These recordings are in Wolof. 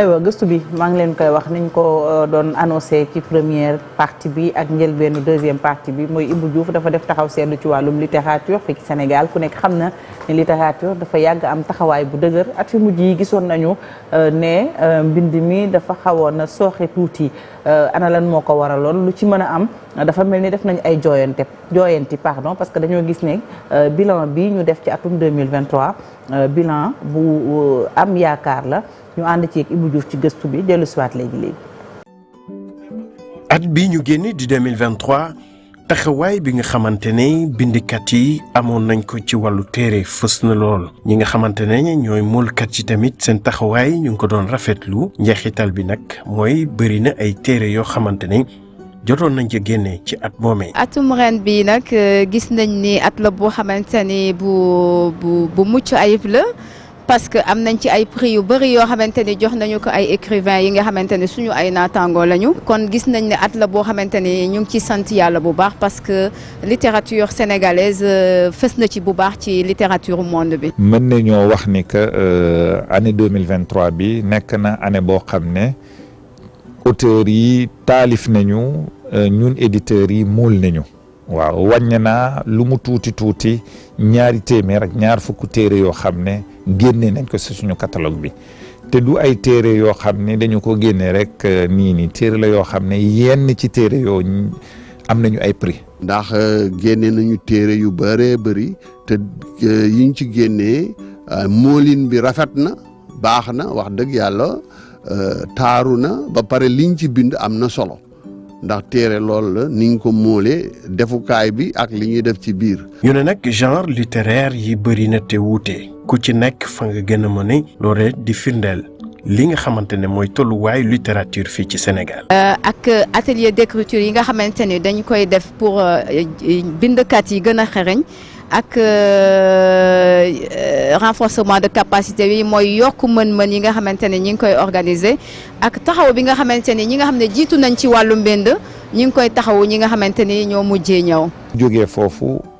aywa gëstu bi maa ngi leen koy wax niñ ko euh, doon annoncé ci première partie bi ak njëlbeenu deuxième partie bi mooy Ibou Diouf dafa def taxaw seetlu ci wàllum littérature fii ci Sénégal ku nekk xam na ne littérature dafa yàgg am taxawaay bu dëgër at yu mujj yi gisoon nañu euh, ne euh, mbind mi dafa xawoon a sooxe tuuti ana lan moo ko waraloon lu ci mën a am dafa mel ni def nañu ay jooyante jooyanti pardon parce que dañoo gis ne bilan bi ñu def ci atum 2023 bilan bu am yaakaar la ñu ànd ci ci gëstu bi dellu siwaat léegi at bi ñu génn di 2023 taxawaay bi nga xamante ne bindikat yi amoon nañ ko ci wàllu téere fës na lool ñi nga xamante ne ñooy moolkat yi tamit seen taxawaay ñu ngi ko doon rafetlu njeexital bi nag mooy bëri na ay téere yoo xamante ne jotoon nañ ci génne ci at moomee. atum ren bi nag euh, gis nañ ni at la boo xamante ni bu bu bu mucc ayib la. parce que am nañ ci ay prix yu bëri yoo xamante ni jox nañu ko ay écrivain yi nga xamante ne suñu ay naataangoo lañu. kon gis nañ ne at la boo xamante ni ñu ngi ciy sant yàlla bu baax parce que littérature sénégalaise euh, fës na ci bu baax ci littérature monde bi. mën nañoo wax ni que euh, année deux mille vingt bi nekk na année boo xam ne auteurs yi taalif nañu euh, ñun éditeurs yi muul nañu. waaw wàññi na lu mu tuuti tuuti ñaari téeméer ak ñaar fukki téere yoo xam ne. génne nañ ko si suñu catalogue bi te du ay téere yoo xam ne dañu ko génne rek euh, nii nii téere la yoo xam ne yenn ci téere yoo am nañu ay prix. ndax euh, génne nañu téere yu bëree bëri te euh, yiñ ci génnee moolin bi rafet na baax na wax dëgg yàlla taaru na ba pare liñ ci bind am na solo ndax téere loolu la niñ ko moolee defukaay bi ak li ñuy def ci biir. ñu ne nag genre littéraire yi bëri na te wuute. ku ci nekk fa nga gën a mën a loolee di firndeel li nga xamante ne mooy tolluwaayu littérature fii ci Sénégal. Euh, ak atelier d'écriture yi nga xamante ne dañu koy def pour euh, bindkat yi gën a xereñ ak euh, renforcement de capacité yi mooy yokk mën-mën yi nga xamante ne ñi ngi koy organiser ak taxaw bi nga xamante ne ñi nga xam ne jiitu nañ ci wàllu mbind ñi ngi koy taxawu ñi nga xamante ni ñoo mujjee ñëw.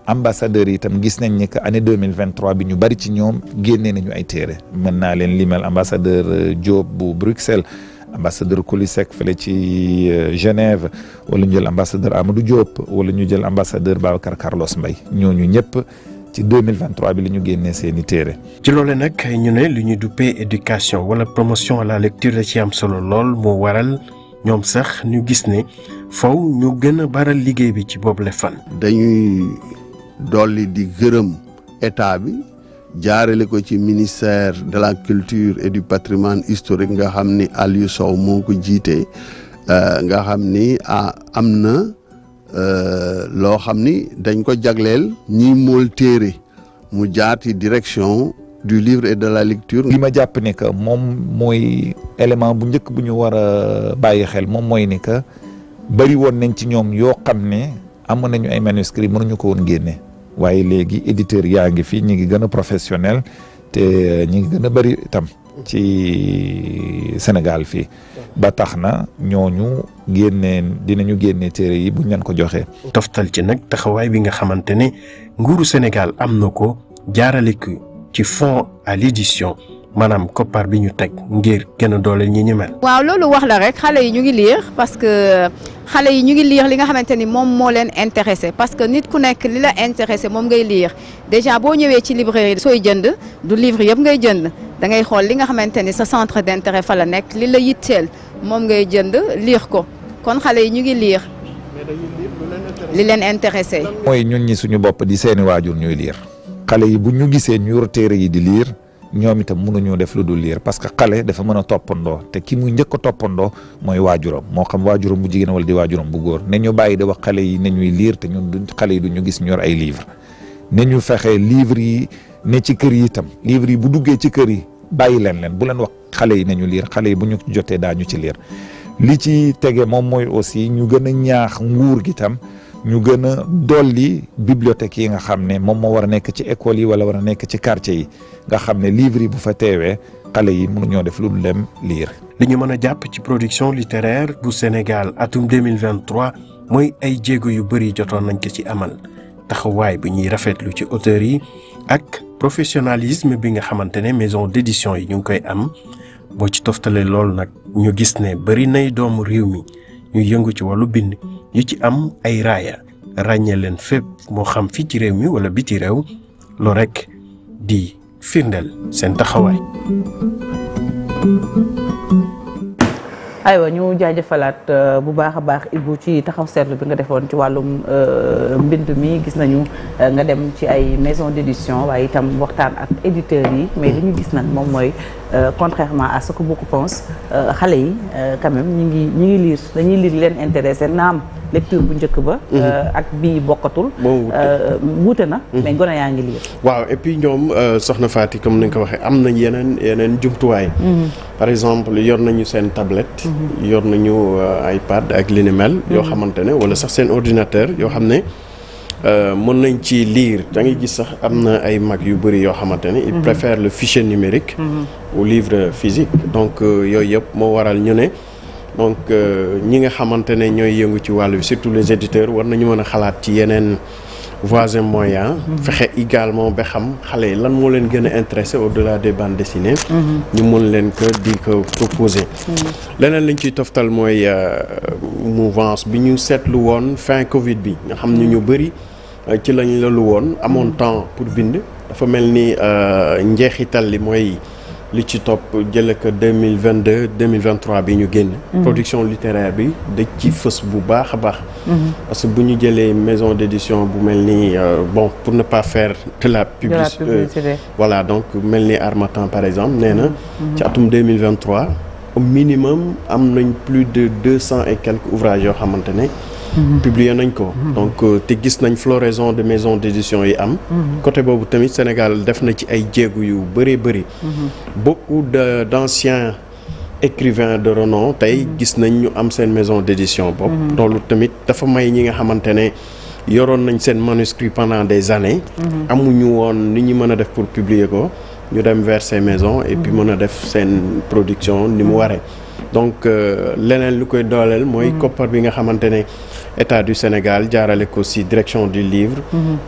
ambassadeurs yi itam gis nañ ni que année deux mille vingt bi ñu bari ci ñoom génnee nañu ay téere mën naa leen lii limal ambassadeur euh, Diop bu Bruxelles ambassadeur Kulisek fale ci euh, Genève wala ñu jël ambassadeur Amadou Diop wala ñu jël ambassadeur Babacar Carlos mbay ñooñu ñëpp. ci 2023 bi la ñu génnee seeni téere ci loole nag ñu ne li ñu duppee éducation wala promotion à la lecture da ci am solo lool moo waral ñoom sax ñu gis ne faw ñu gën a baral liggéey bi ci boobu la fan dañuy dolli di gërëm état bi jaarale ko ci ministère de la culture et du patrimoine historique nga xam ni Aliou Sow moo ko jiite euh, nga xam ni ah am na euh, loo xam ni dañ ko jagleel ñiy mool téere mu jaati direction du livre et de la lecture. li ma jàpp ni que moom mooy élément bu njëkk bu ñu war a bàyyi xel moom mooy ni que bari woon nañ ci ñoom yoo xam ne am amoon nañu ay manuscrits mënuñu ko woon génne. waaye léegi éditeur yaa ngi fi ñi ngi gën a professionnel te eh, ñi ngi gën a bëri itam ci Sénégal fii ba tax na ñooñu génnee dinañu génne téere yi buñ leen ko joxee toftal ci nag taxawaay bi nga xamante ne nguuru Sénégal am na ko jaarale ko ci fonds à l'édition maanaam koppar bi ñu teg ngir gën a doole ñi ñu mel waaw loolu wax la rek xale yi ñu ngi lire parce que xale yi ñu ngi lire li nga xamante ni moom moo leen intéressé parce que nit ku nekk li la intéressé moom ngay lire déjà boo ñëwee ci librairie sooy jënd du livre yëpp ngay jënd da ngay xool li nga xamante ni sa centre d'intérêt fa la nekk li la yitteel moom ngay jënd lire ko kon xale yi ñu ngi lire li leen intéressé mooy ñun ñi suñu bopp di seeni waajur ñuy lire xale yi bu ñu gisee ñu yor yi di liir ñoom itam mënuñoo def lu du liir parce que xale dafa mën a toppandoo te ki mu njëkk a toppandoo mooy waajuram moo xam waajuram bu jigéen wala di waajuram bu góor ne ñu bàyyi di wax xale yi ne ñuy liir te ñun duñ xale yi duñu gis ñor ay livre ne ñu fexe livre yi ne ci kër yi itam livre yi bu duggee ci kër yi bàyyi leen leen bu leen wax xale yi ne ñu liir xale yi bu ñu jotee daañu ci liir li ci tege moom mooy aussi ñu gën a ñaax nguur gi tam ñu gën a dolli bibliothèque yi nga xam ne moom moo war a nekk ci école yi wala war a nekk ci quartier yi nga xam ne livre yi bu fa teewee xale yi mënu ñoo def lu dul dem lire. li ñu mën a jàpp ci production littéraire bu Sénégal atum 2023 mooy ay jéego yu bëri jotoon nañ ko ci amal taxawaay bi ñuy rafetlu ci auteurs yi ak professionnalisme bi nga xamante ne maison d'édition yi ñu ngi koy am boo ci toftalee loolu nag ñu gis ne bëri nay doomu réew mi. ñuy yëngu ci wàllu mbind yu ci am ay raaya ràññee leen fépp moo xam fii ci réew mi wala ci réew lu rekk di firndeel seen taxawaay. aywa ñu jaajëfalaat euh, bu baax a baax Ibou ci taxaw seetlu bi nga defoon ci wàllum euh, mbind mi gis nañu euh, nga dem ci ay maison d'édition waaye itam waxtaan ak éditeurs yi mais li ñu gis nag moom mooy. Euh, contrairement à ce que beaucoup pensent euh, xale yi euh, quand même ñu ngi ñu ngi lire dañuy lire leen intéressé naam lecture bu njëkk ba. Mhm. ak bii bokkatul. wuute na. Mhm. mais gone yaa ngi lire. waaw et puis ñoom soxna Fatick comme ni ko waxee am nañ yeneen yeneen jumtuwaay. Mhm. par exemple yor nañu seen tablette. yor nañu iPad ak li ni yoo xamante ne wala sax seen ordinateur yoo xam ne. Euh, mën nañ ci liir da ngay gis sax am na ay mag yu bëri yoo xamante ne ils mhm. préfèrent le fichier numérique mhm. au livre physique donc euh, yooyu yëpp moo waral ñu ne donc euh, ñi nga xamante ne ñooy yëngu ci wàll bi surtout les éditeurs war nañu mën a xalaat ci yeneen voies et mhm. fexe également ba xam xale yi lan moo leen gën a intéressé au-delà des bandes dessinées ñu mën leen ko di ko proposer leneen lañ ciy toftal mooy mouvance bi ñu seetlu woon fin Covid bi nga xam ñu bëri Euh, ci lañ la lu woon amoon mm. temps pour bind dafa mel ni euh, njeexital li mooy li ci topp jële ko deux mille vingt deux deux mille bi ñu génn. Mm. production littéraire bi da ci mm. fës bu baax a baax. Mm-hmm. parce que bu ñu jëlee maison d' édition bu mel ni euh, bon pour ne pas fair de la. publicité donc mel ni Harmattan par exemple nee na. Mm-hmm. ci atum deux mille vingt trois au minimum am nañ plus de deux cent et quelques ouvrages yoo xamante ne. publier nañ ko. donc euh, te gis nañ floraison de maison d' yi am. côté boobu tamit Sénégal def na ci ay jéegu yu bëree bëri. beaucoup de d' anciens écrivains de renom tey gis nañ ñu am seen maison d' édition bopp. loolu tamit dafa may ñi nga xamante ne. yoroon nañ seen manuscrit pendant des années. amuñu woon ni ñu mën a def pour publier ko ñu dem vers ces maisons et puis mën a def seen production ni mu waree donc euh, leneen lu koy dooleel mooy mm. koppar bi nga xamante ne. état du Sénégal jaarale ko si direction du livre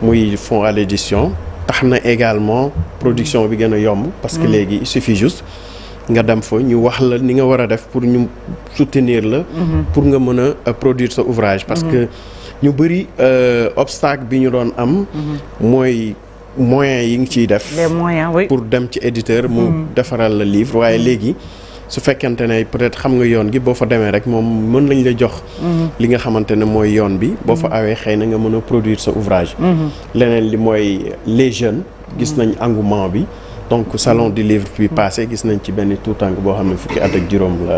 muy fonds à l'édition tax na également production bi gën a yomb parce que mm-hmm. léegi il suffit juste nga dem fa ñu wax la ni nga war a def pour ñu soutenir la mm-hmm. pour nga mën a euh, produire sa ouvrage parce mm-hmm. que ñu bëri euh, obstacle bi ñu doon am mooy moyens yi ngi ciy def pour dem ci éditeur mu defaral la livre waaye léegi su fekkente ne peut-être xam nga yoon gi boo fa demee rek moom mën lañ la jox mhm. li nga xamante ne mooy yoon bi boo fa mhm. awee xëy na nga mën a produire sa ouvrage mhm. leneen li mooy les jeunes gis nañ engouement bi donc salon du livre bi passé gis nañ ci benn tuutànk boo xam ne fukki at ak juróom la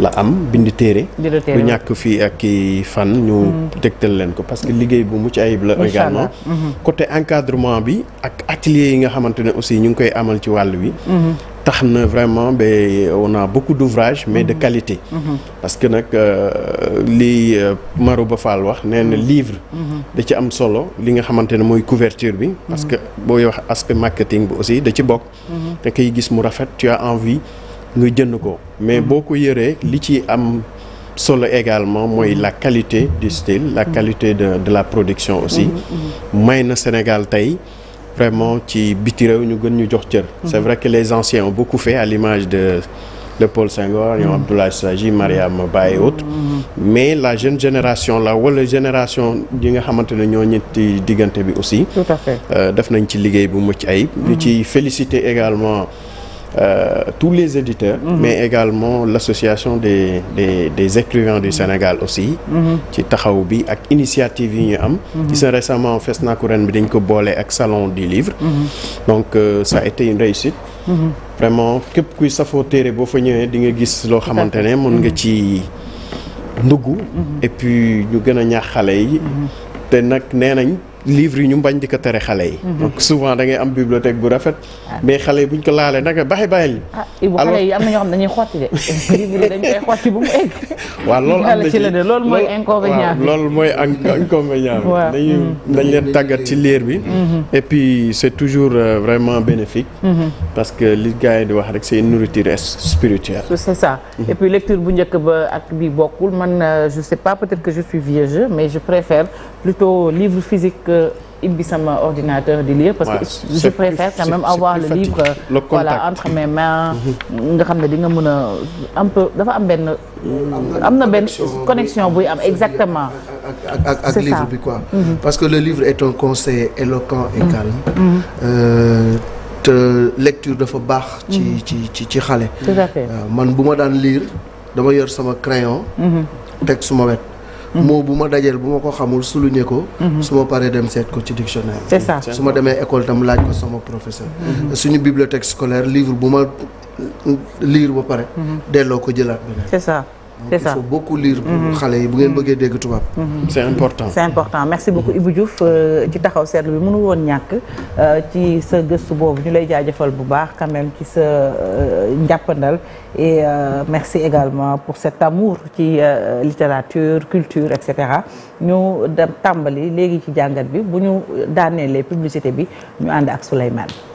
la am bind téere du ñàkk fii ak i fan ñu dégtal leen ko parce que liggéey bu mucc ayib la également côté encadrement bi ak atelier yi nga xamante ne aussi ñu ngi koy amal ci wàll wi tax na vraiment ba on a beaucoup d'ouvrages mais de mm-hmm. qualité mm-hmm. parce que nag euh, li euh, Marouba Fall wax nee na mm-hmm. livre da ci am solo li nga xamante ne mooy couverture bi parce que booy wax aspect marketing bi aussi da ci bokk da koy gis mu rafet tu as envie nga jënd ko mais boo ko yëree li ci am solo également mooy la qualité du style la qualité de de la production aussi may na Sénégal tey vraiment ci biti réew ñu gën ñu jox cër. c'est vrai que les anciens ont beaucoup fait à l'image de de Paul Senghor ñoom mm-hmm. Abdoulaye Sadji Mariam Ba et autres mm-hmm. mais la jeune génération la wala génération yi nga xamante ne ñoo ñetti diggante bi aussi. Euh, def nañ ci liggéey bu mucc ayib. ñu mm-hmm. ci féliciter également. Euh, tous les éditeurs. Mhm. mais également l'association des des des écrivains du Sénégal aussi. Mhm. ci taxaw bi ak initiative yi ñu am. Mhm. gis na récemment Fesnac ren bi dañ ko boole ak salon di livre. donc euh, ça a été une réussite. vraiment képp kuy safoo téere boo fa ñëwee di nga gis loo xamante ne mën nga ci ndugg. et puis ñu gën a ñaax xale yi. te nag nee nañ. livre yi ñu mbañ di ko tere xale yi. Mhm. donc souvent da ngay am bibliothèque bu rafet. Ah. mais xale yi buñ ko laalee naka baxi baxi. alors ah xale yi am na ñoo xam ne xotti de. livre yi dañ koy xotti bu mu egg. waaw loolu am na ci loolu mooy bi loolu mooy inconvénient bi. dañuy mhm. dañ leen tàggat ci liir bi. Mhm. et puis c' est toujours euh, vraiment bénéfique. parce que li gars di wax rek c' est une nourriture ça et lecture bu njëkk ba ak bi bokkul man euh, je sais pas peut-être que je suis vieux que ibbi sama ordinateur di lire parce que je préfère quand même avoir le livre voilà entre mes mm-hmm. nga xam ne di nga mën a un peu dafa am benn am na benn connexion buy am exactement ak ak livre bi quoi mm-hmm. parce que le livre est un conseil éloquent et mm-hmm. calme euh, te lecture dafa baax ci ci ci ci xale euh, man bu ma daan lire dama yor sama crayon teg suma wet moo bu ma dajeel bu ma ko xamul souligner ko. Mhm. su ma paree dem seet ko ci dictionnaire. su ma demee école tam laaj ko sama professeur. Mhm. suñu bibliothèque scolaire livre bu ma euh, lire ba pare. Mhm. delloo ko jëlaat beneen. c'est c'est ça il faut beaucoup mhm. xale yi bu ngeen bëggee dégg tubaab. Mhm. c'est important c'est important merci beaucoup Ibou Diouf euh, ci taxaw seetlu bi mënu woon ñàkk euh, ci sa gëstu boobu ñu lay jaajëfal bu baax quand ci sa euh, njàppandal et merci également pour cet amour ci littérature culture et cetera ñu dem tàmbali léegi ci jàngat bi bu ñu daanelee publicité bi ñu ànd ak Souleymane.